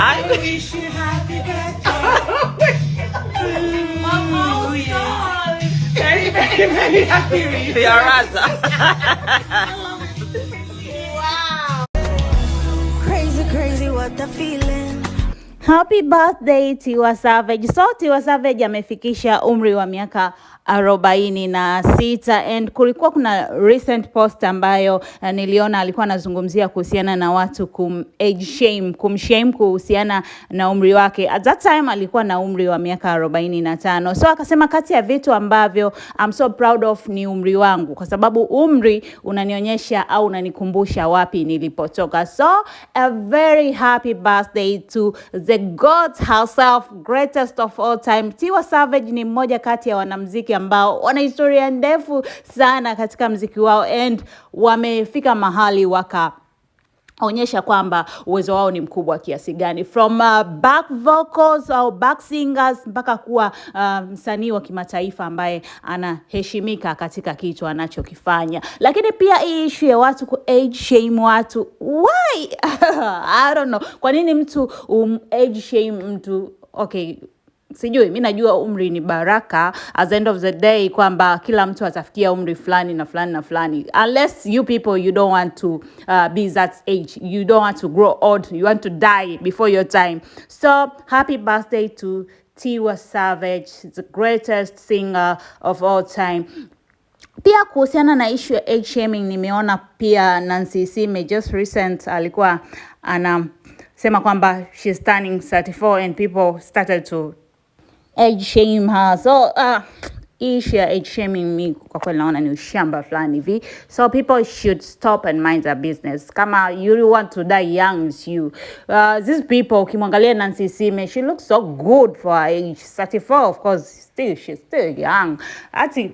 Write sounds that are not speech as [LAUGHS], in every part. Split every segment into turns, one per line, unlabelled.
I, [LAUGHS] wish you happy birthday. Mama, yeah. Very, very, very happy birthday. They are wow. Crazy, crazy, what the feeling. Happy birthday Tiwa Savage. So Tiwa Savage amefikisha umri wa miaka arobaini na sita and kulikuwa kuna recent post ambayo uh, niliona alikuwa anazungumzia kuhusiana na watu kum age shame, shame kuhusiana na umri wake. At that time alikuwa na umri wa miaka arobaini na tano. So akasema kati ya vitu ambavyo I'm so proud of ni umri wangu kwa sababu umri unanionyesha au unanikumbusha wapi nilipotoka. So a very happy birthday to the God herself greatest of all time. Tiwa Savage ni mmoja kati ya wanamziki ambao wana historia ndefu sana katika mziki wao and wamefika mahali waka onyesha kwamba uwezo wao ni mkubwa kiasi gani from uh, back vocals au back singers mpaka kuwa uh, msanii wa kimataifa ambaye anaheshimika katika kitu anachokifanya. Lakini pia hii ishu ya watu ku age shame watu, why [LAUGHS] I don't know, kwa nini mtu um, age shame mtu okay sijui mi najua umri ni baraka, as end of the day kwamba kila mtu atafikia umri fulani na fulani na fulani, unless you people you don't want to uh, be that age, you don't want to grow old, you want to die before your time. So happy birthday to Tiwa Savage, the greatest singer of all time. Pia kuhusiana na issue ya age shaming, nimeona pia Nancy Sime just recent alikuwa anasema kwamba she's turning 34 and people started to age shame So uh, ah, ishi ya age shaming mi kwa kweli naona ni ushamba fulani hivi, so people should stop and mind their business. Kama you want to die young is you. Uh, these people ukimwangalia Nancy Sime, she looks so good for her age 34, of course still she's still young.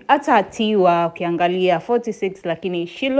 Hata Tiwa ukiangalia 46 lakini she